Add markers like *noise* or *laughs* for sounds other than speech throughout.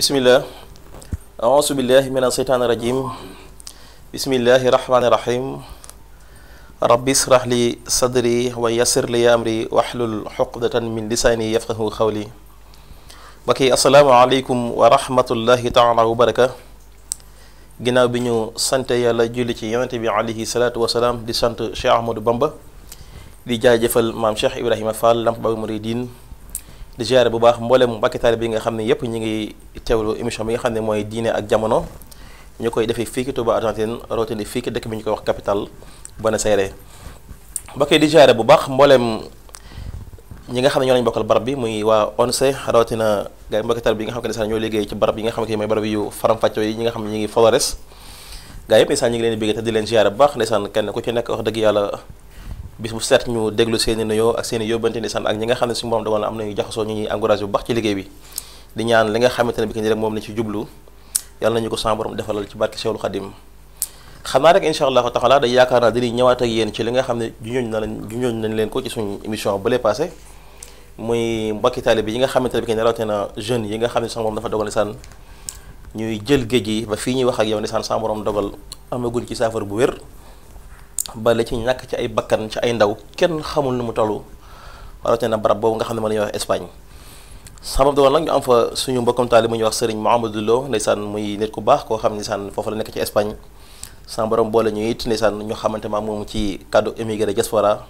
bismillah auzu billahi min aseytaani rajim bismillahi rahmaani rahim rabbi israh li sadri wa yassir li amri wahlul uqdatan min lisaani yafqahu qawli mbokk yi asalaamaaleykum wa rahmatullahi taala wa bi ñu sant yàlla julli ci yonente bi alayhi salaatu wasalaam di sant Cheikh Ahmadou Bamba di jaajëfal maam Cheikh Ibrahima Fall Lamp Muridiin di ziare bu baax mboolem mbàkki taalibe yi nga xam ne yëpp ñu ngi teewlu émission bi nga xam ne mooy diine ak jamono ñu koy defee fii ki Touba Argentine rawatina fii ki dëkk bi ñu koy wax capital Buenos Aires mbokk yi di ziare bu baax mbooleem ñi nga xam ne ñoo lañ bokkal barab bi muy waa ONCE rawatina gars mbàkki taalibe yi nga xam ne sax ñoo liggéey ci barab yi nga xam ne mooy barab yu faram-fàccee yi ñi nga xam ne ngi Flores gars yëpp ndeysaan ñu ngi leen bu baax ndeysaan kenn ku nekk wax dëgg yàlla bis bu seet ñu déglu seen i nuyoo ak seen yóbbante di sant ak ñi nga xam ne suñu moom dogal na am nañu jaxasoo ñu ñuy encouragé bu baax ci liggéey bi di ñaan li nga xamante ne bi ki ni rek moom lañ ci jublu yàlla nañu ko sama borom defalal naa rek incha allahu taala day yaakaar naa nga xam ne juñooñ na lañ juñooñ nañ leen ko ci suñu émission bële passé muy mbokki taalibe yi nga xamante ne bi ki ne rawatina jeunes yi nga xam ne sama borom dafa dogal ndeysaan ñuy jël géej yi ba fii ñuy wax ak yow ndeysaan sama borom dogal amaguñ ci saafara bu wér ba la ci ñàkk ci ay bakkan ci ay ndaw kenn xamul nu mu toll rawatina barab boobu nga xam ne ma la ñuy wax Espagne sabab ñu am fa suñu mbokkam taali mu ñuy wax sëriñ Lo ndeysaan muy nit ku baax koo xam ndeysaan foofu la nekk ci Espagne sama borom boole ñu it ndeysaan ñu xamante ma moom ci kàddu émigré diaspora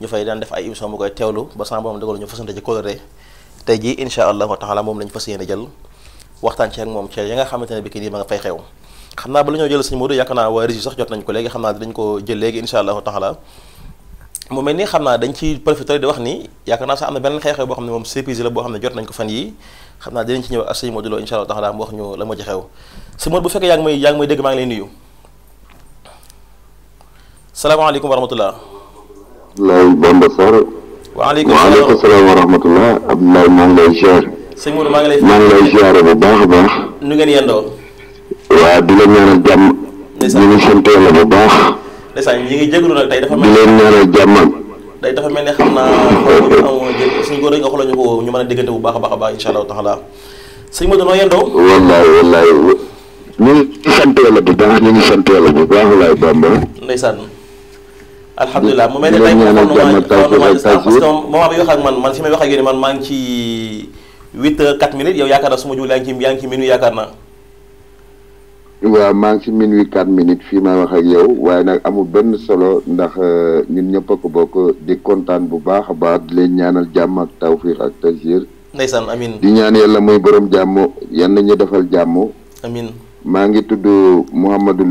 ñu fay daan def ay émission bu koy teewlu ba sama borom dogal ñu fasante ci coloré tey jii incha allahu taala moom la ñu fas yéene jël waxtaan ci ak moom ci nga xamante ne bi kii nii ma nga fay xew xam naa ba la ñoo jël sëñ Modou yaakaar naa waa régie sax jot nañ ko léegi xam naa dañ ko jël léegi insha allahu taala mu mel ni xam naa dañ ci profité di wax ni yaakaar naa sax am na beneen xew-xew boo xam ne moom surprise la boo xam ne jot nañ ko fan yi xam naa dinañ ci ñëw ak sëñ Modou insha allahu taala mu wax ñu la moo xew sëñ Modou bu fekkee yaa ngi may yaa maa ngi lay nuyu salaamaaleykum wa rahmatullah Abdoulaye Bamba Sarr waaleykum salaam wa rahmatullah Abdoulaye maa ngi lay maa ngi bu baax a baax nu ngeen waaw di leen ñaanal jàmm. ñu ngi sant yàlla bu baax. ndeysaan ñi ngi jégalu nag tey dafa mel ni di leen ñaanal jàmm. day dafa mel ni xam naa *laughs* suñu ko ñu mën a déggante bu baax a baax a baax incha allahu taala sëñ Modou noo yendoo. wallaay wallaay ñu ngi sant yàlla bu baax ñu ngi sant yàlla bu baax walaay Bamba. ndeysaan. alhamdulilah mu mel ne tey moom moom parce que moment bi wax ak man man fi may wax ak yéen man maa ngi ci 8 4 minutes yow yaakaar naa su ma juul yaa yaa ngi ci minute yaakaar naa. waaw maa ngi ci minuit quatre minutes fii ma wax ak yow waaye nag amul benn solo ndax euh, ñun ñëpp a ko bokk di kontaan bu baax a baax di leen ñaanal jàmm ak tawfiq ak tasiir ndeysaan amin di ñaan yàlla muy borom jàmm yan nañu defal jàmm amin maa ngi tudd Mouhamadou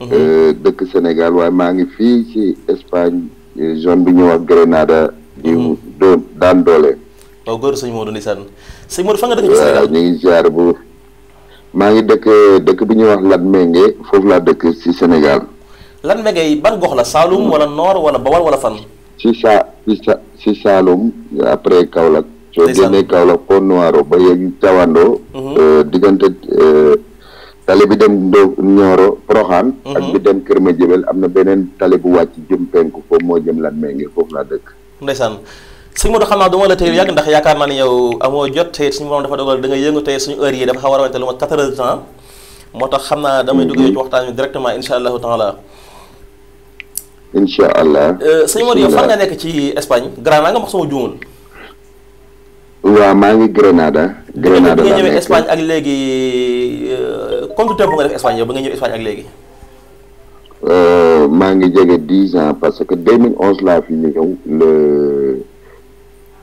mhm. euh, dëkk Sénégal waaye maa ngi fii ci Espagne euh, zone bi ñuy wax Grenada di mhm. daan doole waaw góor sëñ Modou ndeysaan sëñ Modou fa nga dëkk ci Sénégal ñu ngi ziar bu maa ngi dëkk dëkk bu ñuy wax Latmingué foofu laa dëkk ci Sénégal. Latmingué ban gox la Saloum wala Nord wala Bawol wala fan. si saa si sa si Saloum après Kaolack. soo génnee Kaolack Pont Noiro ba yegg Tawando. Mhm. Euh, diggante euh, tali bi dem Ndo Nioro Proxaan. Mhm. ak bi dem Kër ma Madiabel am na beneen tali bu wàcc jëm penku foofu moo jëm Latmingué foofu laa dëkk. ndeysaan. sëñ Modou xam naa du ma la tey yàgg ndax yaakaar naa ne yow amoo jot tey suñu moom dafa dogal da nga yëngu tey suñu heure yi dafa xaw a rawante lu ma 4 heures moo tax xam naa damay duggee ci waxtaan wi directement incha allahu taala incha allah euh, sëñ nekk ci Espagne Granada nga wax sama juumul waaw maa ngi Grenada Grenada laa nekk euh, ñëwee Espagne ak léegi combien de temps bu nga def Espagne yow ba nga ñëw Espagne ak léegi maa ngi jege dix ans parce que 2011 laa fi ñëw le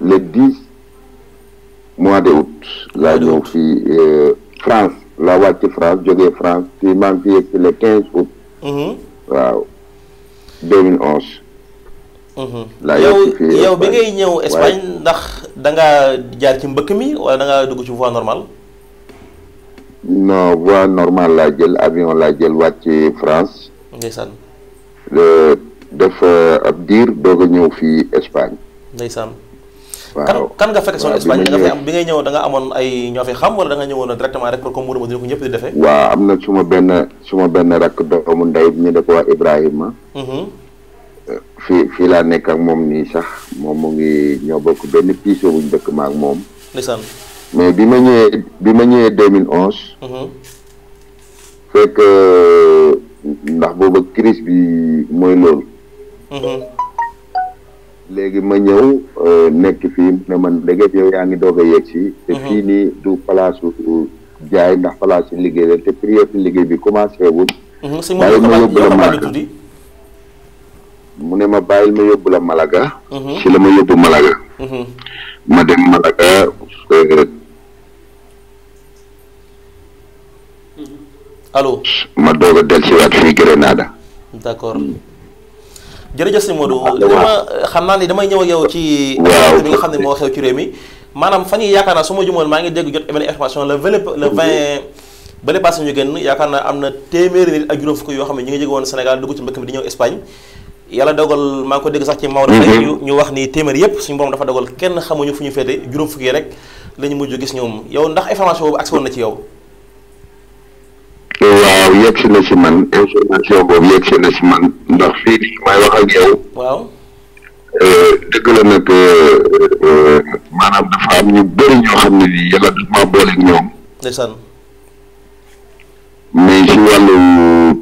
le dix mois de août laa ñëw fii France laa wàcc France jógee France fii maa fi yegg quinze août mhm. waaw deux mhm. bi ngay ñëw Espagne ndax danga jaar ci mbëkk mi wala da ngaa dugg ci voie normal non voie normale laa jël avion laa jël wàcc France ndeysaan def ab diir doog a ñëw fii Espagne ndeysaan waaw kan nga fekk son Espagne bi ngay ñëw da nga amoon ay ñoo fi xam wala da nga ñëwoon directement rek pour comme Modou Modou ko ñëpp di am na suma benn suma benn rakk doomu ndey bi ñu da ko wax Ibrahima mm-hmm. fi fii laa nekk moom nii sax moom mu ngi ñoo bokk benn piso buñ dëkk ma ak moom ndeysaan mais bi ma ñëwee bi ma ñëwee 2011 mm-hmm. fekk euh, ndax booba crise bi mooy loolu mm-hmm. léegi ma ñëw euh, nekk fii ne man léegi yow yaa ngi doog a yegg si te mhm. fii nii du palaasu jaay ndax palaasu liggéey la te prière liggéey bi commencé wul mhm, bàyyil ma yóbbu la Malaga mu ne ma bàyyil ma yóbbu la Malaga mhm. ma ma dem Malaga euh, allo ma doog a dellusiwaat fii Grenada d'accord mm. jërëjëf sëñ Modou ah, dama euh, xam naa ni damay ñëw ak yow ci bi nga xam ne moo xew ci réew mi maanaam fan yi yaakaar naa su ma jumoon maa ngi dégg jot benn information le vingt le vingt yaakaar naa am na téeméeri nit ak juróom fukk yoo xam ne ñu ngi jóge woon Sénégal dugg ci mbëkk mi di ñëw Espagne yàlla dogal maa ngi ko dégg sax ci Maodo mhm. ñu wax ni téeméer yépp suñ borom dafa dogal kenn xamuñu fu ñu féete juróom fukk rek la ñu mujj gis ñoom yow ndax information boobu agsi woon na ci yow waaw yegg si na si man information boobu yegg na si man ndax fii nii may wax ak yow. waaw. Euh, dëgg la nag euh, euh, maanaam dafa am ñu bëri ñoo xam ne nii yàlla daf maa booleeg ñoom. ndeysaan. mais si wàllu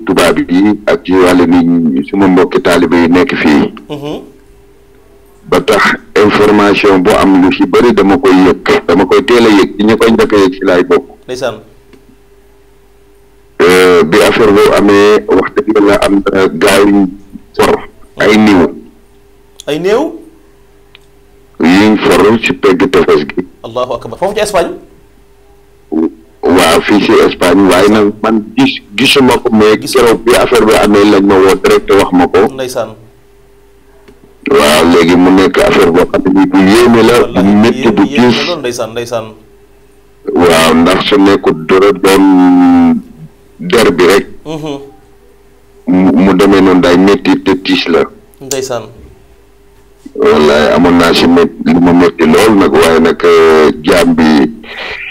tubaab yi ak ci wàllu ni suma mbokki taalibe yi nekk fii. Mhm. ba tax information boo am lu si bëri dama koy yëg dama koy teel a yëg ci ñu koy njëkk a yëg si laay bokk. bi affaire boobu amee wax dëgg yàlla am na for ay néew. ay néew. yuñ for ci pegg tefes gi. allahu ci Espagne. waaw fii ci Espagne waaye nag man gis gisuma ko mais keroog bi affaire bi amee lañ ma woo direct wax ma ko. ndeysaan. mu nekk affaire boo xam ne bu yéeme la bu métti gis. ndeysaan ndeysaan. waaw ndax su nekkul dara der bi rek. Mm-hmm. mu demee noonu daay métti te tiis la. ndeysaan. wallaay amoon naa si mét lu ma métti lool nag waaye nag euh, jaam bi.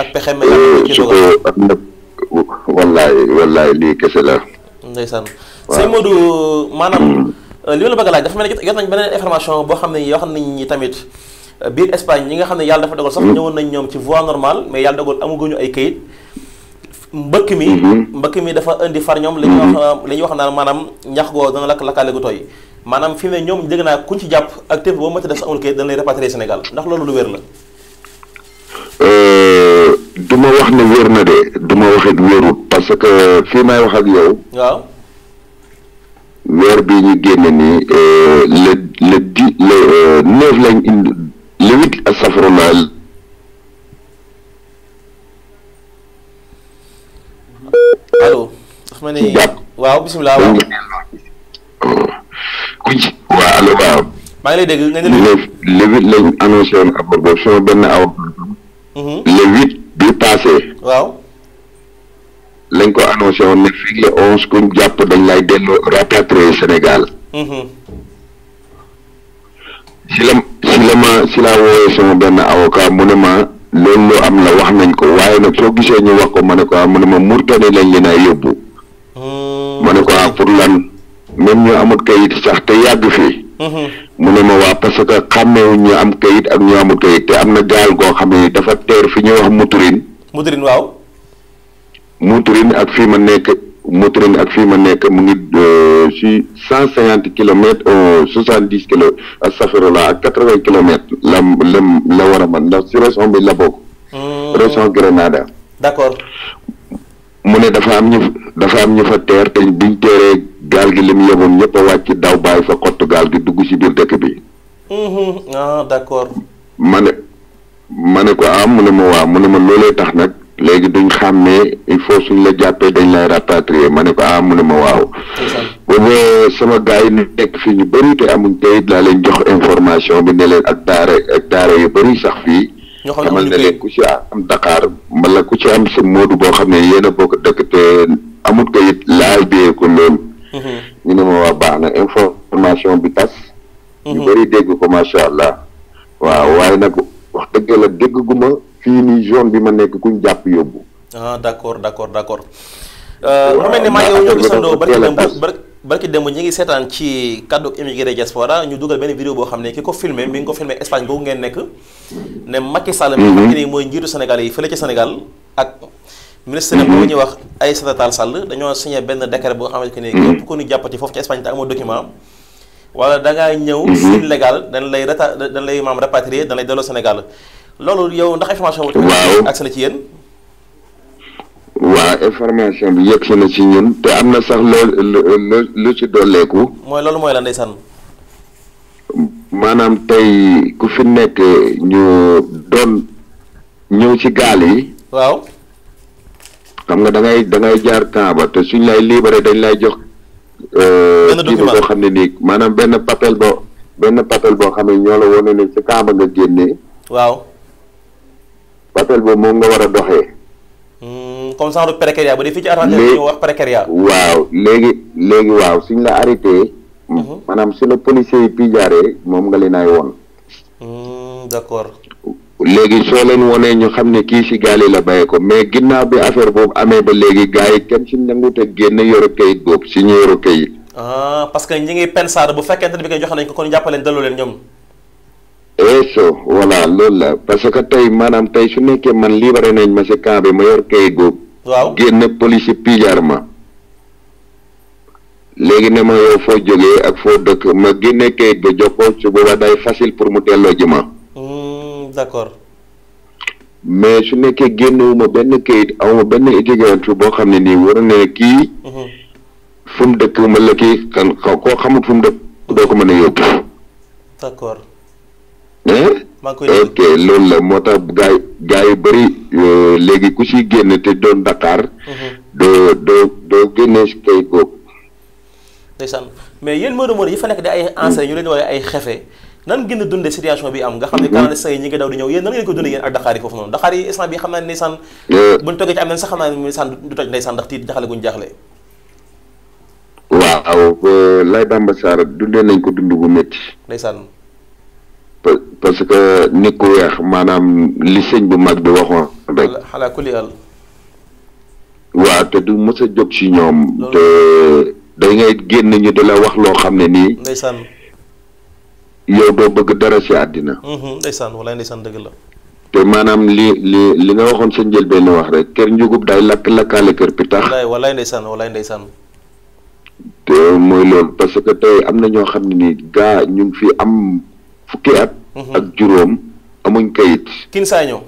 ak pexe mel euh, ko wallaay lii kese la. ndeysaan sëñ Modou maanaam. Mm. Euh, li ma la bëgg a laaj dafa mel ni jot nañ beneen information boo xam ne yoo xam ne ñi tamit biir Espagne ñi nga xam ne yàlla dafa dogal sax mm. ñëwoon nañ ñoom ci voie normale mais yàlla dogal amaguñu ay kayit mbëkk mi mhm. mbëkk mi dafa indi far ñoom la ñuy wax mhm. la ñuy wax naan maanaam ñax goo dana lakk lakkaale gu tooy maanaam fi mu ne ñoom dégg naa kuñ ci jàpp ak tépp boo mënti def sa amul kayit dana lay rapatrier Sénégal ndax loolu lu wér la euh, du wax ne wér na de du ma wax it parce que fii may wax ak yow waaw weer bii ñu génne nii euh, le le dix le euh, neuf lañ indi le huit allo. dafa ma ne waaw bisimilah. ku ci waaw allo waaw. maa ngi lay dégg nga ne le le huit lañ annoncé woon ab boobu sama benn aw. Mhm. le huit bi passé. waaw. lañ ko annoncé woon ne fii le onze kuñ jàpp dañ lay delloo rapatrié Sénégal. Mhm. si la si la ma si la wooyee sama benn avocat mu ne ma. loolu am na wax nañ ko waaye nag soo gisee wax ko ma ne ko ah mu ne ma Mauritanie lañ leen a yóbbu. Oh. ma ne ko ah pour lan même ñu amut kayit sax te yàgg fii. Mm-hmm. mu ma waa parce que xàmmeewuñ ñu am kayit ak ñu amut kayit te am na gaal goo xam ne dafa teer fi ñu wax Moutourine. Moutourine waaw. Moutourine ak fii ma nekk. Mauritanie ak fii ma nekk mu ngi ci euh, cent cinquante kilomètres euh, soixante dix kilo ak safarala ak quatre vingt kilomètres la la la war a man ndax ci région bi la bokk euh, région Grenada d'accord mu ne dafa am ñu dafa am ñu fa teer te biñ teeree gaal gi li mu yeboon ñëpp a wàcc daw bàyyi fa xottu gaal gi dugg ci biir dëkk bi mm-hmm. ah d'accord ma ne ma ne ko am ah, mu ne ma waa mu ne ma loolee tax nag léegi duñ xàmmee il faut suñ la jàppee dañ lay rapatrier ma ne ko ah mu ne ma waaw booba euh, sama gars yi nekk fii ñu bëri te amuñ kayit laa jox information bi ne leen ak daara ak daara yu bëri sax fii xamal ne ku ci am Dakar wala ku ci am sa moodu boo xam ne yéen a bokk dëkk te kayit laal biyee ko loolu mhm. ñu ne ma waa baax na information bi tas ñu mhm. bëri dégg ko macha allah waaw waaye nag wax dëgg la dégg gu fii nii zone bi ma nekk kuñ jàpp yóbbu. ah d' accord d' accord d' accord. mu euh, euh, mel ni maa ngi ñoo gisandoo barki démb barki démb ñi ngi seetaan ci kaddu immigré diaspora ñu dugal benn vidéo boo xam ne ki ko filmé mi ngi ko filmé Espagne boobu ngeen nekk. ne Macky Sall. mi nga xam ne mooy njiitu Sénégal yi fële ca Sénégal ak. ministre bi bu ñuy wax ay Tall Sall dañoo signé benn décret boo xamante ne. Mhm. képp ku ñu jàppati foofu ci Espagne te amoo document wala da ngaa ñëw. Mhm. sin légal lay lay maam rapatrier dañ lay delloo loolu yow ndax information bi. waaw ci yéen. waaw information bi si na ci ñun te am na sax loo lu ci dolleeku. mooy loolu mooy la san maanaam tey ku fi nekk ñu doon ñëw ci gaal yi. waaw. xam nga da ngay da ngay jaar camp ba te suñ lay libéré dañ lay jox. Euh, benn document boo xam ne nii maanaam benn papel boo benn papel boo xam ne ñoo la wane ne ci camp nga génnee. waaw. essentiel boobu moom nga war a doxee. Hmm, comme genre précaria ba dee fii ci arrêté ñu wax précaria. waaw léegi léegi waaw suñ la arrêté. Mhm. maanaam su la policier yi pijaaree moom nga leen ay woon. Hmm, d'accord. léegi soo leen wonee ñu xam ne kii si gaali la bàyyi ko mais ginnaaw bi affaire boobu amee ba léegi gaa yi kenn si nangut a génn yoro kayit boobu si ñu yoro kayit. ah parce que ñi ngi pensaar bu fekkente ne bi nga jox nañ ko kon jàppaleen delloo leen ñoom. eso voilà loolu la parce que tey maanaam tey su nekkee man libéré nañ ma si camp bi ma yor kayit googu. waaw génn police yi pijaar ma. léegi ne ma yow foo jóge ak foo dëkk ma génne kayit ga jox ko su boobaa day facile pour mu delloo ji ma. mais su nekkee génnewuma benn kayit awma benn étudiant boo xam ne nii war na ne kii. fu mu dëkk ma la kii xamut fu mu dëkk doo ko mën a yóbbu. ok loolu la moo tax gaay gaay yu bëri euh, léegi ku ci génn te doon Dakar. Mhm. doo doo doo génne si kayit boobu. ndeysaan mais yéen Modou Modou yi fa nekk di ay enseignants ñu leen di ay xefe nan ngeen di dundee bi am nga xam ne mhm. canalistes yi ñi ngi daw di ñëw yéen nan ngeen ko dundee yéen ak Dakar yi foofu noonu Dakar yi instant bi xam naa ne ndeysaan. Euh. buñ toggee ci am nañ sax xam naa ne ndeysaan du toj ndeysaan ndax tiit jaxale guñ jaaxle. waaw euh, Laye Bamba dundee nañ ko dund bu métti. ndeysaan. parce que nit ku weex maanaam li sëñ bu mag bi waxoon rek xalaa ku li al waaw te du mës jóg ci ñoom te day génn ñu di la wax loo xam ne nii ndeysaan yow doo bëgg dara ci àddina mm-hmm, ndeysaan walaay ndeysaan dëgg te maanaam li li li nga waxoon sa njëlbeen wax rek kër njugub day lakk lakkaale kër bi tax te mooy loolu parce que tey am na ñoo xam ne nii gaa ñu fi am fukki at. Mhm. ak juróom amuñ kayit. Quinceaños.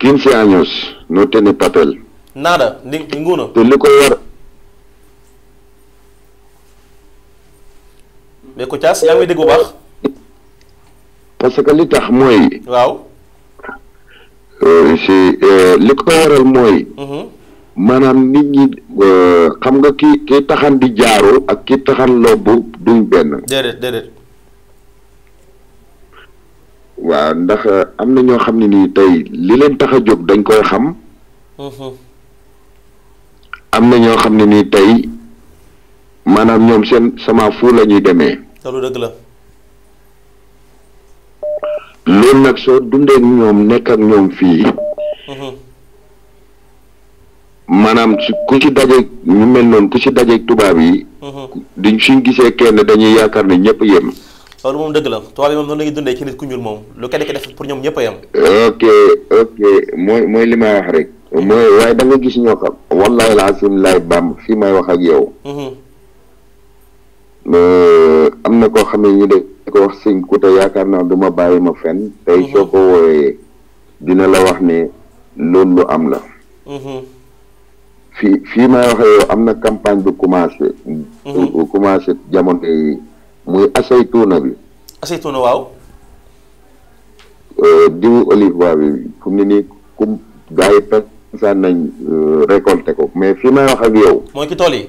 Quinceaños no tiene papel. nada ninguno. te li ko war. mais Koutias yaa ngi dégg bu baax. parce que li tax mooy. waaw. Euh, si euh, li ko waral mooy. Mhm. maanaam nit ñi euh, xam nga ki ki taxan di jaaru ak ki taxan lobbu duñ benn. waaw ndax euh, am na ñoo xam ne nii tey li leen tax a jóg dañ koy xam. Mhm. am na ñoo xam ne nii tey maanaam ñoom seen sama fu la ñuy demee. loolu dëgg la. loolu nag soo dundee ñoom nekk ak ñoom fii. Mhm. maanaam ku ci dajeeg ñu mel noonu ku ci dajeeg tubaab yi. Mhm. di suñ gisee kenn dañuy yaakaar ne ñëpp yem. loolu moom dëgg la tool yi moom noonu la ñuy dundee ci nit ku ñuul moom lu kenn ki pour ñoom ñëpp a yem. ok ok mooy mooy wax rek. mooy waaye da nga gis ñoo xam. wallaahi laasim fii may wax ak yow. Mm-hmm. na koo xam ne ñu de ko ma bàyyi ma fenn. tey mm-hmm. soo ko wooyee dina la wax ne loolu lu mm-hmm. may wax yow am na campagne bu commencé. commencé jamono yi. muy asaytuuna bi. asaytuuna waaw. Euh, diwu olive bi fu mu nii ku gars yi pensaan nañ euh, récolté ko mais fi may wax ak yow. mooy ci tool yi.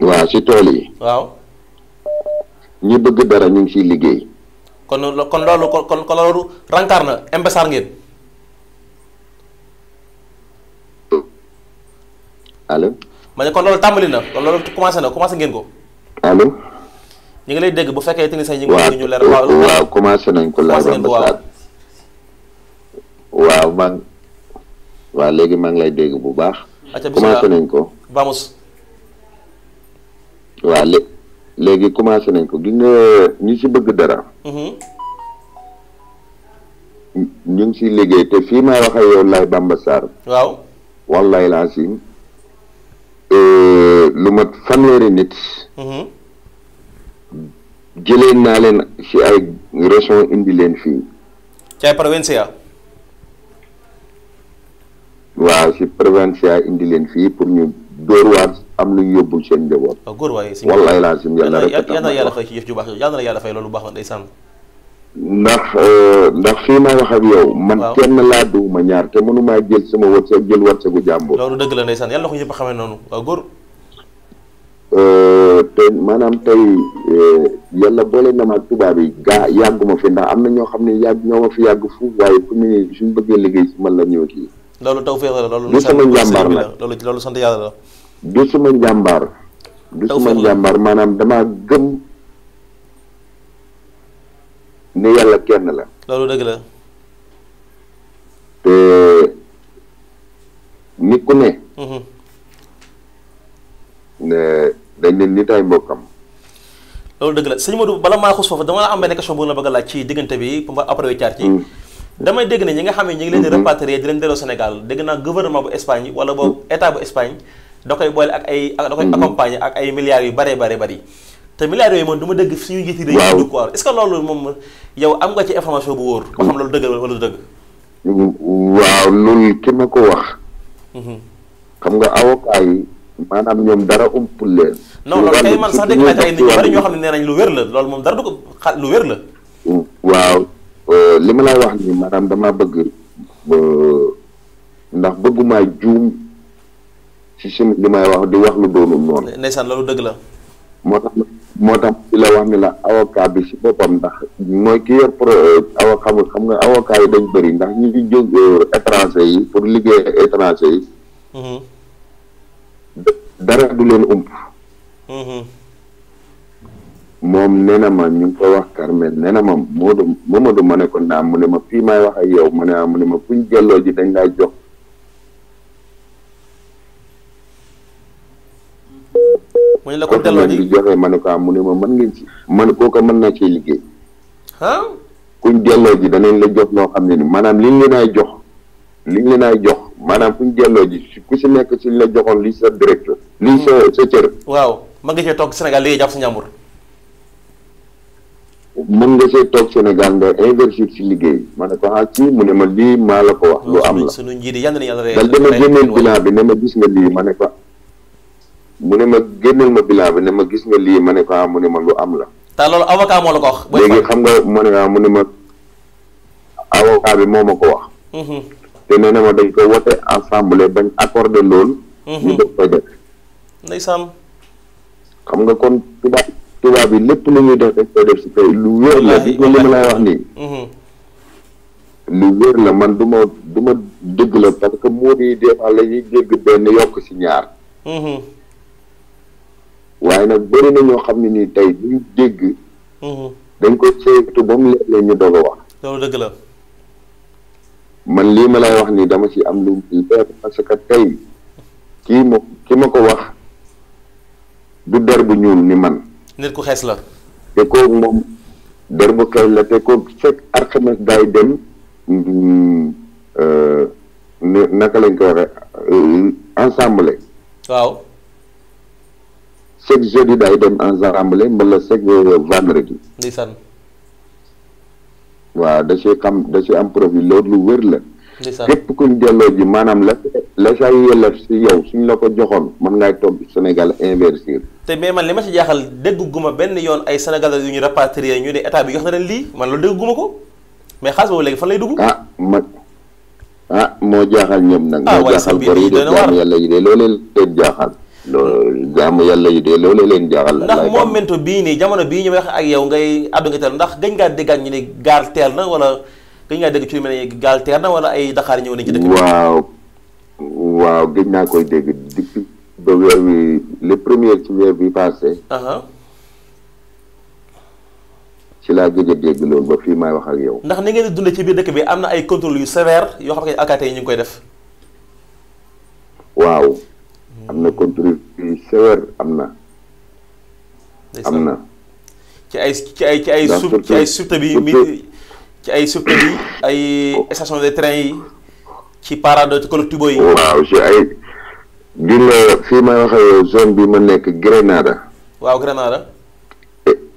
waaw ci tool yi. waaw. ñi bëgg dara ñu ngi ciy liggéey. kon kon loolu kon kon loolu rankaar na imbesaar ngeen. allo. ma ne kon loolu tàmbali na loolu commencé na commencé ngeen ko. allo. ñu ngi lay dégg bu fekkee technicien yi ñu ngi ñu leer waaw waaw commencé nañ ko laaj ambassade waaw waaw léegi maa ngi lay dégg bu baax commencé nañ ko vamos waaw léegi commencé nañ ko gi nga ñu si bëgg dara mm-hmm. ñu ngi siy liggéey te fii may wax ak lay Bamba waaw wallaay laa si eh, lu mat fanweeri nit mm-hmm. jëlee naa leen si ay région indi leen fii. ci ay provincia. waaw ci provincia indi leen fii pour ñu dóor waat am lu ñu yóbbul seen njaboot. waaw oh, góor waay si wallaahi laa si yàlla rek. yàlla na yàlla fay ci jëf ju baax yàlla na yàlla fay loolu baax la ndeysaan. ndax euh, ndax fii ma wax ak yow. man kenn laa duwuma ñaar te mënumaa jël sama wërsëg jël wërsëgu jàmbur. loolu dëgg la ndeysaan yàlla na ko ñëpp xamee noonu waaw góor. Euh, te maanaam tey euh, yàlla boole na ak tubaab yi gaa yàgguma fi ndax am na ñoo xam ne yàgg ñoo fi yàgg fu waaye fu mu ne suñ bëggee liggéey si man la ñëw kii. loolu taw féex la loolu. du sama njàmbaar nag loolu loolu sant yàlla la. du sama njàmbaar. maanaam damaa gëm ne yàlla kenn la. loolu dëgg la. te nit ku ne. Mhm. loolu dëgg la sëñ Modou bala maa xus foofu dama la am benn question bu la bëgg a laaj ci diggante bi pour ma après caar ci hmm. damay dégg ne ñi nga xam ne ñi ngi leen di hmm. rapatrier di leen delloo Sénégal dégg naa gouvernement bu Espagne wala boobu hmm. état bu Espagne da koy boole ak ay da koy accompagner ak ay milliards yu bare bare bari te milliards yooyu moom du ma dégg suñu njiiti réew du ko war est ce que loolu moom yow am nga ci ko wax xam nga avocat yi maanaam ñoom dara umpul leen non loolu kay man sax dégg naa tey nit ñu bari ñoo xam ne nee lu wér la loolu moom dara du ko lu wér la. waaw euh, li ma lay wax nii maanaam damaa bëgg euh, ndax bëggumaa juum ci seen li may wax di wax lu doonul noonu. ndeysaan loolu dëgg la. moo tax moo tax ci la wax ni la avocat bi si boppam ndax mooy ki yor pro euh, avocat xam nga avocat yi dañ bëri ndax ñu ci jóg étranger yi pour liggéey étranger yi. Mm-hmm. dara du leen ump. moom nee na ma ñu ngi ko wax Carmel nee na ma moo Mamadou ma ne ko naa mu ne ma fii maay wax ak yow ma ne amu ah, mu ne ma fuñ jëlloo ji dañ laa jox. mu ne la ko delloo ji ne ko ah, mu ne ma mën ci man kooka mën naa cee liggéey. ah. kuñ jëlloo ji danañ la jox loo xam ne ni maanaam liñ leen jox liñ leen ay jox maanaam kuñ jëlloo ji ku si nekk si la joxoon li sa directeur. li sa sa cër. ma nga cee toog Sénégal léegi jàpp sa njàmbur. mën nga see toog Sénégal nga investir ci liggéey ma ne ko ah ci mu ma lii maa la ko wax. lu am la sunu njiit yi dal dama génneel bilan bi ne ma gis nga lii ma ne ko mu ne ma génneel ma bilan bi ne ma gis nga lii ma ne ko ah mu ma lu am la. te loolu avocat la ko wax. léegi xam nga ma ne ah mu ne ma avocat bi moo ma ko wax. Mm-hmm. te nee na ma dañ ko wote assemblée bañ accordé loolu. Mm-hmm. ñu def ko def. xam nga kon tubaab tubaab yi lépp lu ñuy def dañ koy def si tey lu wér la gis nga li ma lay wax nii mm-hmm. lu wér la man du ma dëgg la parce que moo di des dégg benn yokk ci ñaar mm-hmm. waaye nag bëri ñoo xam ne nii tey duñu dégg mm-hmm. dañ ko saytu ba mu leer leen ñu wax loolu dëgg la man lii ma lay wax nii dama ci am lu leer parce que tey kii ma ki ma ko wax du der bu ñuul ni man. nit ku xees la. te kooku moom der bu xees la te kooku fekk alxames daay dem mm, euh, naka lañ ko waxee euh, ensemble. waaw. chaque jeudi daay dem ensemble mbala chaque euh, vendredi. ndeysaan. waaw da ciy xam da am profil loolu lu wér la. ndeysaan képp kuñ delloo ji maanaam la. les ay yelleef si yow suñ la ko joxoon mën ngay toog Sénégal investir. te mais man li ma si jaaxal dégg guma benn yoon ay sénégalais yu ñu rapatrié ñu ne état bi jox na leen lii man loolu dégg guma ko mais xaalis boobu léegi lay dugg. ah man ah, moo jaaxal ñoom nag. ah waaye sa biir yi de jaamu yàlla yi de loolee leen jaaxal. loolu jaamu yàlla yi de loolee leen jaaxal. ndax moom mento bii nii jamono bii ñu wax ak yow ngay àddu nga teel ndax gëj ngaa déggaat ñu ne gaal teel na wala gëj ngaa dégg ci gaal teel na wala ay daxaar ñëw nañ ci dëkk waaw waaw gëj naa koy dégg depuis ba weer wi le premier ci weer bi passé. ci laa gëj a dégg loolu ba fii may wax ak yow. ndax ni ngeen di dundee ci biir dëkk bi am na ay contrôle yu sévère yoo xam ne alkaati yi ñu ngi koy def. waaw hmm. am na contrôle yu sévère am na. am na. ci ay ci ay ci ay. ci ay subte bi ci ay subte bi ay oh. station de train yi. ci parado ci kër yi. waaw ci ay di nga fii may zone bi ma nekk Grenada. waaw Grenada. E,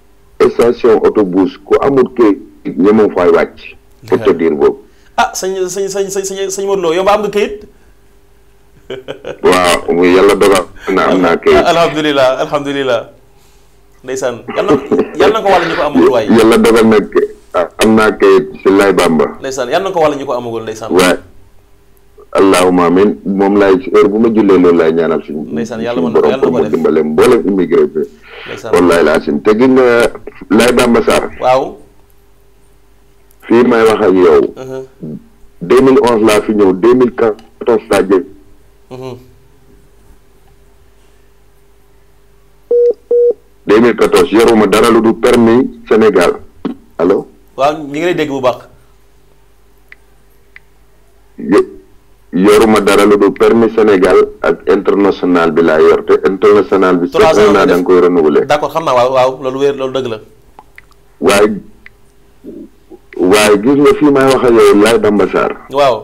station autobus ku amul këyit ñemoo fay wàcc. pour diir boobu. ah sañ sañ sañ sañ sañ Modou Lo yow ba am nga këyit. waaw muy dogal ah, ko wàll ñu ko amagul waaye. yàlla nag ah, am naa këyit si lay bàmba. ndeysaan yàlla na ko wàll ñu ko amagul ndeysaan. allahuma amin moom laay heure bu ma jullee loolu laay ñaanal suñu ndeysaan yàlla mën na ko def laa sim te gis nga laay Bamba waaw fii may wax ak yow uh-huh. deux mille onze laa fi ñëw deux mille quatorze laa uh-huh. dara lu du permis Sénégal allo waaw ñu ngi lay dégg bu baax yoruma dara lu dul permis Sénégal ak international bi laa yor te international bi. trois ans da nga koy renouveler. d'accord xam naa waaw waaw loolu wér loolu dëgg la. waaye waaye gis nga fii may wax ak yow Laye Bamba waaw.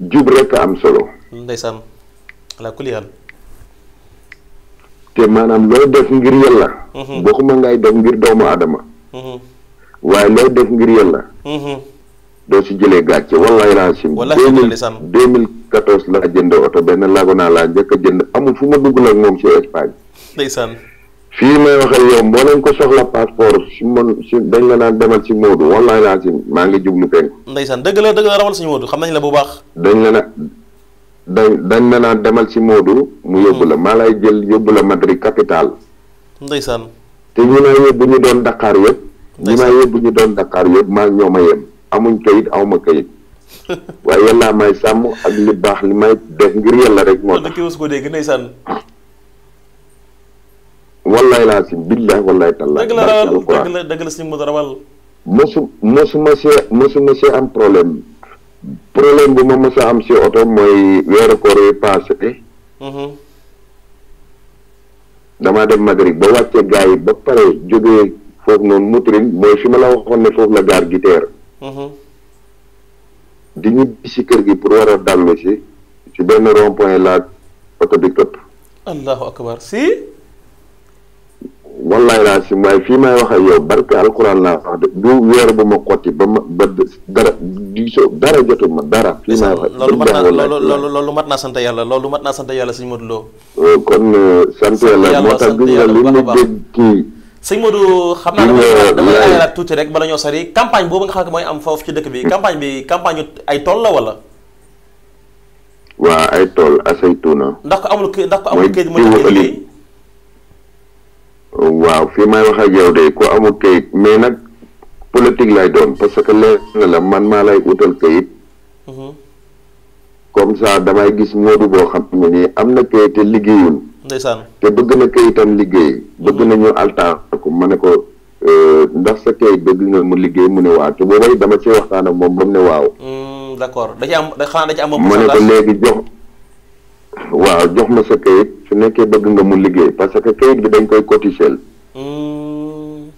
jub rek am solo. te maanaam looy def ngir yàlla. bokkuma mhm. ngay def ngir doomu aadama. Mhm. waaye looy def ngir yàlla. Mhm. doo si jëlee gàcce wallahi laasim deux mille quatorze laa jënd oto benn laago naa laa njëkk jënd amul fu ma dugg nag moom si Espagne ndeysaan fii may waxal yow boo leen ko soxla passeport si mon dañ la naan demal si Moodu wallahi laasim maa ngi jublu penku ndeysaan dëgg la dëgg la rawal suñu Moodu xam nañ la bu baax dañ la na dañ dañ la naan demal ci Moodu mu hmm. yóbbu la maa lay jël yóbbu la Madrid capital ndeysaan te ñi may yóbbu ñu doon Dakar yëpp ñi may yóbbu ñu doon Dakar yëpp maa ñoo ma amuñ kayit awma kayit *laughs* waaye yàlla may sàmm ak li baax li may def ngir yàlla rek moo tax ki ko wallaay laa si billaay wallaay tallaay dëgg la dëgg la dëgg la suñu moto rawal mosu mosuma see mosuma see am problème problème bu ma mos a am si oto mooy weeru koor yi passé mhm. damaa dem Madrid ba wàcce gars yi ba pare jógee foofu noonu mutrin mooy fi ma la waxoon ne foofu la gaar gi Mhm. di ñibbi si kër gi pour war a dallu si ci benn rond point la oto bi topp. allahu akbar si. wallaay laa si waaye fii may wax ak yow barke alquran laa wax du weer bu ma xotti ba ma ba dara di so dara jotu ma dara. fii may loolu mat naa loolu sant yàlla loolu mat naa sant yàlla sëñ Modou Lo. Euh, kon euh, sant yàlla moo tax gis nga li ma dégg kii. sëñ Modou xam naa dama damay ayalaat tuuti rek bala ñoo sori campagne boobu nga xam ne mooy am foofu ci dëkk bi campagne bi campagne ay tool la wala. waa ay tool asaytuuna. ndax ko amul kii ndax ko amul kayit wax mais nag politique lay doon parce que lenn la man maa lay utal kayit. Mhm. comme ça damay gis Modou boo xam ne nii am na kayit te liggéeyul. ndeysaan te bëgg na kayitam liggéey bëgg mm-hmm. nañu ñu altaan ko ma ne ko euh, ndax sa kayit bëgg nga mu liggéey mu ne waaw te boobay dama ci waxtaan ak moom ba mu ne waaw mm, d'accord da am da xanaa da ci am ma ne ko léegi jox waaw jox ma sa kayit su nekkee bëgg nga mu liggéey parce que kayit bi dañ koy cotisel mm.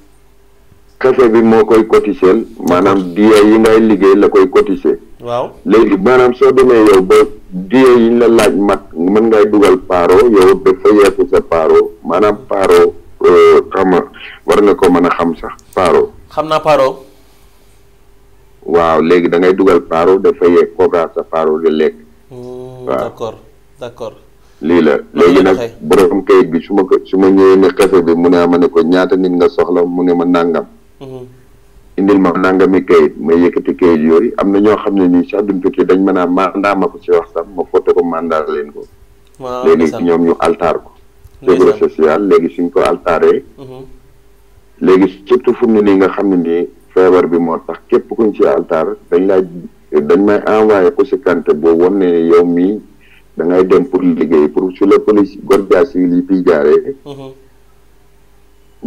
café bi moo koy cotisel maanaam diya yi ngay liggéey la koy cotiser waaw léegi maanaam soo demee yow ba diye yi la laaj mag mën ngay dugal paaro yow dafa yeeku sa paro maanaam paro euh, xam war nga ko mën a xam sax paro. xam naa paro. waaw léegi da ngay dugal paaro dafa yeeg kooka sa paro di lekk. Hmm, waaw d'accord d'accord. lii la léegi nag borom kayit bi su ma ko su ma ñëwee ne xefe bi mu ne ma ne ko ñaata nit nga soxla mu ne ma nàngam. Hmm. indil ma nangami kayit ma yëkkati kayit yooyu am na ñoo xam ne nii sax duñ fekkee dañ mën a mandat ko si wax sax ma foto ko mandat leen ko. waaw léegi ñoom ñu altaar ko. sécurité sociale léegi suñ mm-hmm. surtout fu ne nii nga xam ne nii feebar bi moo tax képp kuñ ci altaar dañ laaj dañ may envoyé ko si kante boo wan ne yow mii da ngay dem pour liggéey pour su la police guardia civil yi fiy jaaree. Mm-hmm.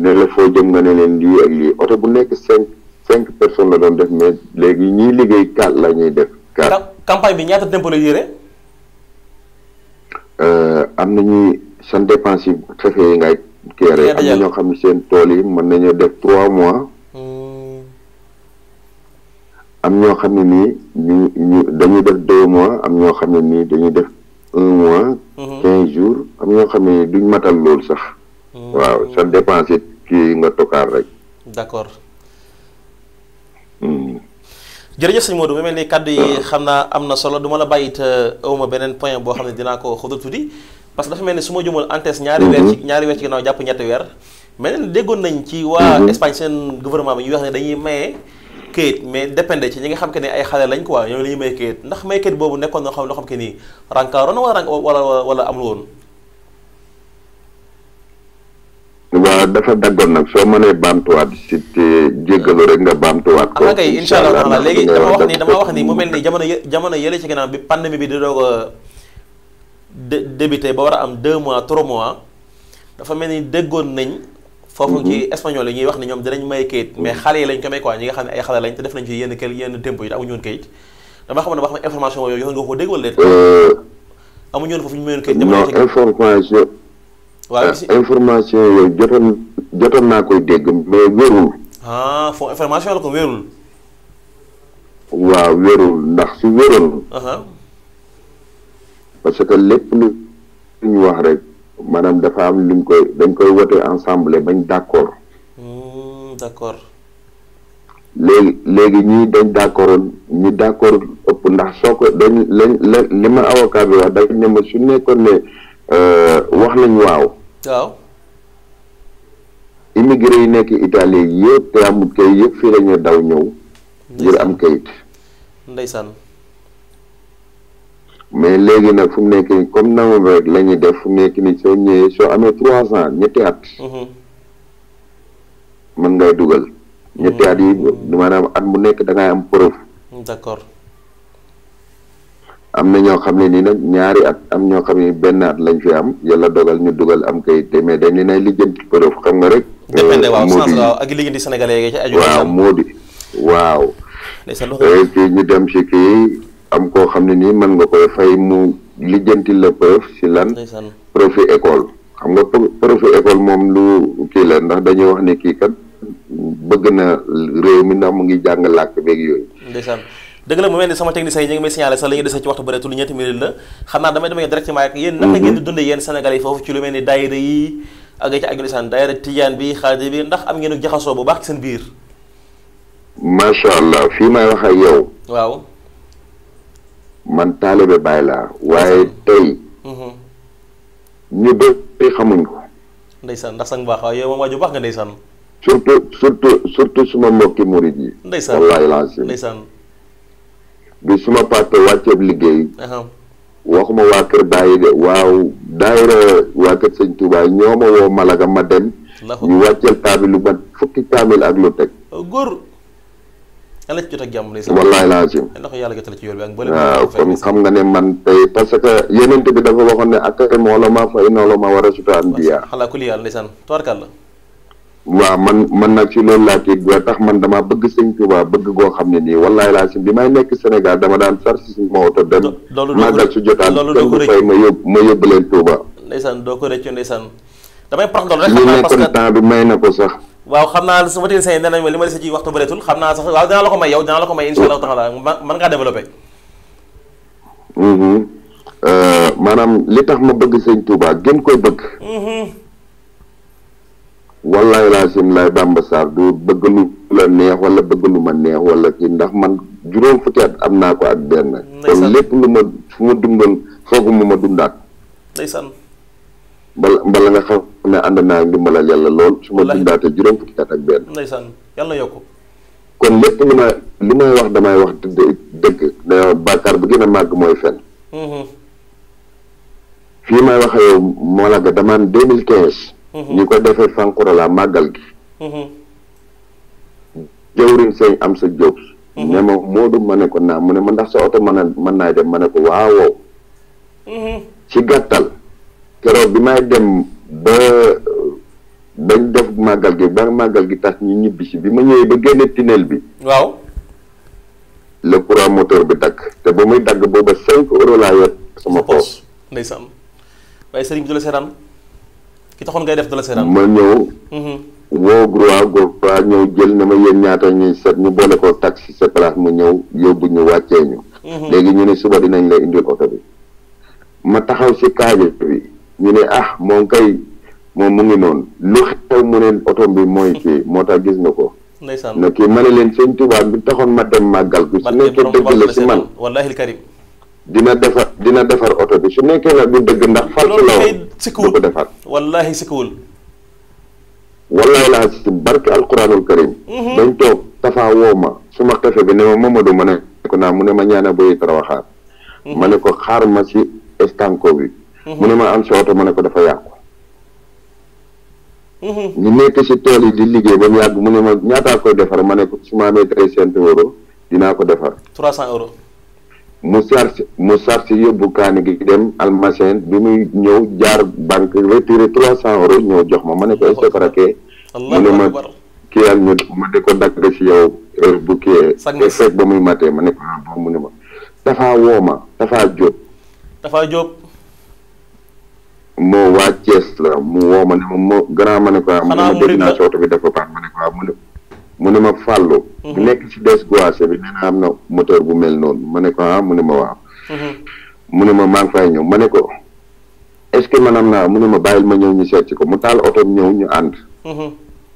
ne la foo jëm nga ne leen lii bu nekk cinq. cinq personnes la doon def mais léegi ñiy liggéey quatre la ñuy def. quatre campagne bi ñaata tempo la yére. Euh, am nañu seen dépense yi fexe yi ngay kéere am na ñoo xam ne seen tool yi mën nañoo def trois mois. Hmm. am ñoo xam ne nii ñu ñu dañuy def deux mois am ñoo xam ne nii dañuy def un mois. Hmm. quinze jours am ñoo xam ne duñ matal loolu sax. Hmm. waaw sa dépense kii nga tokaar rek. d'accord. jërëjëf sëñ Modou mu mel ni kàddu yi xam naa am na solo duma ma la bàyyi te awma beneen point boo xam ne dinaa ko xóotal tuddi parce que dafa mel ni su ma jëmal antes ñaari weer ci mhm. ñaari weer ci ginnaaw jàpp ñetti weer mais neen déggoon nañ ci waa mhm. Espagne seen gouvernement bi ñuy wax ne dañuy maye kayit mais dépendé ci ñi nga xam que ne ay xale lañ quoi ñoom la ñuy may kayit ndax may kayit boobu nekkoon na xam loo xam que nii rankaroon wala wala wala amul woon waaw dafa daggoon nag soo mënee baamtuwaat si te jéggalu rek nga baamtuwaat ko kay incha allah taala léegi dama ni dama wax ni mu mel ni jamono y jamono yële ci ginnaaw bi pandémie bi di war am deux mois trois mois dafa mel ni déggoon nañ foofu mhm. wax ne ñoom dinañ may kayit mhm. mais xale yi lañ ko nga xam ne ay xale lañ te def nañ ci yenn kër yenn tempo yi te amuñu woon kayit dama xam ne ba xam information yooyu yoon nga ko dégg wala euh, ñu mayoon waaw euh, information yooyu jotoon jotoon naa koy dégg mais wérul. ah foo information la ko wérul. waaw wérul ndax su wérul. Uh-huh. parce que lépp lu wax rek maanaam dafa am luñ koy dañ koy wote ensemble bañ d'accord. Hmm, d'accord. léegi léegi ñii dañ d'accord ñi d'accord ëpp ndax soo ko dañ lañ la li ma avocat ne ma nekkoon ne. Euh, wax lañ waaw. waaw. immigré yi nekk Italie yëpp te amul kay yëpp fii la daw ñëw. ngir am kayit. mais léegi nag fu mu nekk nii comme nangu rek la ñuy def fu mu nekk nii soo soo amee trois ans ñetti at. Mhm. mën ngay dugal. ñetti at yi mm. maanaam at mu nekk dangay am preuve. d'accord. am na ñoo xam ne nii nag ñaari at am ñoo xam ne benn at lañ fi am yala dogal ñu dugal am kayit te mais dañ ne nay lijjanti preuve xam nga rek. Euh, dépende waaw sens waaw ak liggéey di sénégalais ci aju waaw moo di waaw. kii euh, ñu dem si kii am koo xam ne nii mën nga koy fay mu lijjanti la si lan. profit école xam nga profit moom lu kii la ndax dañuy wax ne kii kat bëgg na réew mi ndax mu ngi jàng làkk beeg yooyu. dëgg la mu mel ni sama technicien yi ñu ngi may signalé sax la ñuy dese ci waxtu bëreetul ñetti minute la xam naa damay damay directement ak yéen naka ngeen di mhm. dundee yéen Sénégalais yi foofu ci lu mel ni daayira yi ak ci agni san daayira bi xaaja bi ndax am ngeen jaxasoo bu baax ci seen biir macha allah fii may wax ak yow waaw man taalibe Baay laa waaye tey mhm. ñu bëri xamuñ ko ndeysaan ndax sang baax waaw yow moom waaju baax nga ndeysaan surtout surtout surtout suma mbokki murid yi bi suma papa wàcceeb liggéey waxuma waa kër bàyyi de waaw daayira waa kër sëñ Touba ñoo ma woo Malaga ma dem ñu wàcceel kaamil lu mat fukki kaamil ak lu teg oh, góor yàlla ci jot ak jàmm lay wallaay laa ci waaw kon xam nga ne man tey parce que yeneen bi dafa waxoon ne ak moo ma fay noo ma war a sutaan bi yaa yàlla ndeysaan tubaarkàlla waaw man man nag ci loolu laa kii ba tax man damaa bëgg sëñ Tuubaa bëgg goo xam ne nii wallaay laa si bi may nekk Sénégal dama daan sar si suma oto dem màggal su jotaan kenn ma yóbbu ma yóbbu leen Tuubaa doo ko rëccu ndeysaan damay pax ndool rek xam naa parce que temps bi may na ko sax waaw xam naa su matin sañ nee nañ ma li ma dese ci waxtu bëreetul xam naa sax waaw dinaa la ko may yow dinaa la ko may insha allahu man ngaa développé mm-hmm. euh, maanaam li tax ma bëgg sëñ Tuubaa gën koy bëgg mm-hmm. wallaay laa laay Bamba Sarr du bëgg lu la neex wala bëgg lu ma neex wala kii ndax man juróom fukki at am naa ko ak benn kon lépp lu ma fu ma dundoon foogu ma ma dundaat ndeysaan mbala mbala nga xam ne ànd naa ak lool su ma dundaatee juróom fukki at ak benn ndeysaan yàlla li may wax damay wax dëgg da bàkkaar bu gën a màgg mooy fen mm-hmm. fii may wax yow Malaga damaan deux mille quinze ñi ko defee Sankura laa màggal gi jawriñ sëñ am sa jóob ne ma Moodu ma ne ko naa mu ne ma ndax sa oto mën a mën naa dem ma ne ko waawow ci gàttal keroog bi may dem ba bañ def màggal gi ba màggal gi tas ñu ñibbi si bi ma ñëwee ba génne tunnel bi waaw le courant moteur bi dagg te ba muy dagg booba cinq euros laa yor sama poos ndeysaan waaye sëriñ bi du la seetaan ki taxoon ngay def dala seetaan ma ñëw. Mm-hmm. woo Groupe Groupe ñëw jël na ma yéen ñaata ñuy set ñu boole ko taxi sa place mu ñëw yóbbu ñu wàccee ñu. Mm-hmm. léegi ñu ne suba dinañ la indil oto bi. ma taxaw si kaaja bi ñu ne ah moom kay moom mu ngi noonu lu xew mu ne oto bi mooy *laughs* kii moo tax gis nga ko. ndeysaan na kii ma ne leen sëñ Tuubaa bi taxoon ma dem màggal. bi su nekkee dëgg la si man wallaahi karim dina defar dina defar oto bi su nekkee nag du dëgg ndax fartu la woon ko defar wallahi sikkuwul wallahi laa si barke alquranul karim mhm. dañ toog tafaa woo ma su ma xefe bi ne ma Mamadou ma ne ko mu ne ma ñaana boyi trawaxaar mhm. ma ne ko xaar ma si estanko bi mhm. mu ne ma am si ko dafa yàqu ñu nekk di liggéey ba mu yàgg mu ne ma ñaataa koy defar ma ne ko su ma amee treize cent euros dinaa ko defar trois mu charge mu charge yóbbu kaani gi dem almacen bi muy ñëw jaar banque retiré trois cent euros ñëw jox ma ma ne ko est-ce que ma kii al ñu ma di ko dagg si yow heure bu kii te fekk ba muy matee ma ne ko ah bo mu ma dafaa woo ma jóob moo waa Thiès la mu woo ma ne ma moo grand ma ne ko ah, xanaa mu dégg naa sooto bi dafa baax ma ne ko ah, mu mu ne ma fàllu mhm. bu nekk ci des goise bi nee na am na moteur bu mel noonu ma ne ko ah mu ne ma waaw mhm. mu ne ma maa ngi fay ñëw ma ne ko est-ce que man am naa mu ne ma bàyyil ma ñëw ñu seet ko mu taal oto ñëw ñu ànd mhm.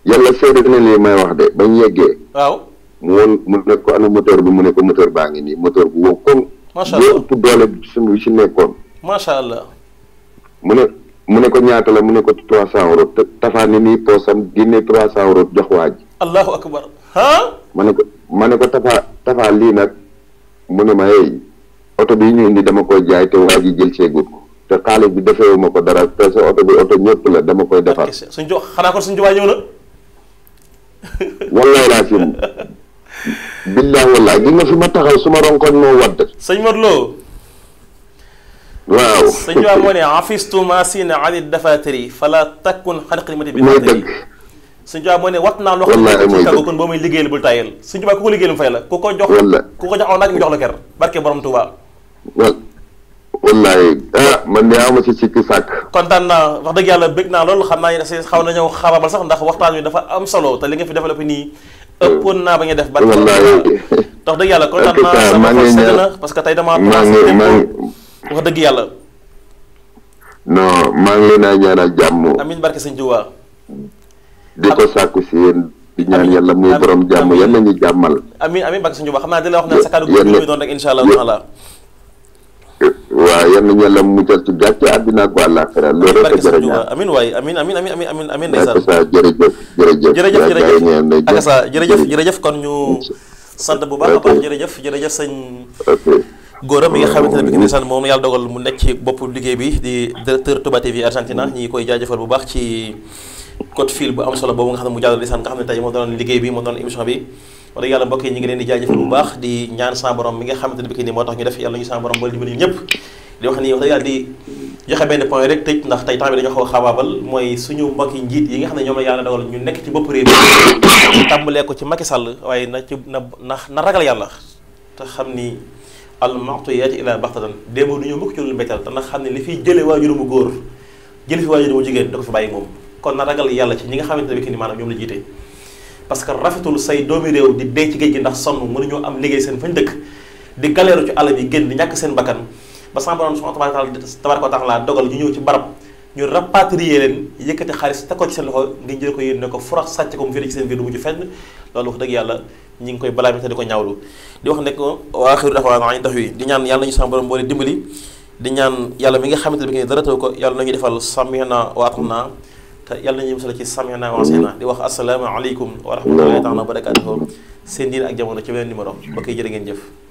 yàlla seede na may wax de bañ yeggee waaw mu ne ko ana moteur bi mu ne ko moteur baa ngi nii moteur bu wow kon macha allah doole bi suñu si nekkoon macha allah mu ne mu ne ko ñaata la mu ne ko trois cent euros te nii poosam génne trois cent euros jox waa allahu akbar ah. ma ne ko ma ne ko Tafa Tafa lii nag mu ne ma hey oto bi ñu indi dama koy jaay te waa ji jël ko te xaalis bi defeewu ma ko dara te sa oto bi oto ñëpp la dama koy defar. suñ jo xanaa kon suñ jubaa gi nga fi ma taxaw su ma ronkoñ moo wadd. sëñ Modou Lo. waaw sëñ Jubaa moo ne afistuma sina ani dafatiri fala takkun xanqimati bi mooy Sëñ Tuubaa moo ne wat naa loo xam ne ci kaw kon boo may liggéeyal bul tayel Sëñ Tuubaa ku ko liggéeyal mu ah, kontaan naa wax dëgg yàlla bëgg naa lool xam naa ne si xaw nañoo xaababal sax ndax waxtaan wi dafa am solo te li nga fi développé nii ëppoon naa ba nga def barke wax dëgg yàlla kontaan naa sama xol sedd na parce que tey dama wax dëgg yàlla non maa ngi leen a ñaanal jàmm amiin barke Sëñ Tuubaa di ko sàkku si yéen di ñaan yàlla muy borom jàmm yal na ñu jàmmal. amiin amiin Mbacke suñu ba xam naa di la wax ne sa kàddu gi doon rek incha allah taala waaw yal nañu yàlla mujjal ci gàcce àddina ak àllaaxira loolu rek a jërëjëf amiin waay amiin amiin amiin amiin amiin amiin ndeysaan akasa jërëjëf jërëjëf jërëjëf akasa jërëjëf jërëjëf kon ñu sant bu baax a baax jërëjëf jërëjëf sañ Gora mi nga xamante ne bi ki ndeysaan moom yàlla dogal mu nekk ci bopp liggéey bi di directeur Touba TV Argentina ñi koy jaajëfal bu baax ci code fil bu am solo boobu nga xam ne mu jàll lisaan nga xam ne tey moo doon liggéey bi moo doon émission bi wax dëgg yàlla mbokk yi ñu ngi leen di jaajëfal bu baax di moo tax ñu def yàlla ñu sa borom ba nga xam ne ko ci Macky Sall waaye na ci na na ragal yàlla te xam ni al ma'tiyati ila baxtatan démb du ñu mukk ci lu mbétal te nag xam ne li fiy jële waajuru mu góor jële fi waajuru mu jigéen da ko fi bàyyi moom kon na ragal yàlla ci ñi nga xamante ne ni maanaam ñoom la jiite parce que rafetul say doomi réew di dee ci géej gi ndax sonn mënuñoo am liggéey seen fañ dëkk di galeeru ci àll bi génn di ñàkk seen ko ci seen loxo ngi jël ko yàlla ngi koy balaa mi te di ko ñaawlu di wax ne ko waa xiru dafa naa ñu tax wi dimbali di ñaan yàlla mi nga xamante ne bi dara taw ko yàlla nañu defal sami'na wa ata'na te yàlla nañu musal ci samina wa asina di wax asalaamaaleykum wa rahmatullahi taala wa barakaatuhu seen diine ak jamono ci beneen numéro ba koy jërë ngeen jëf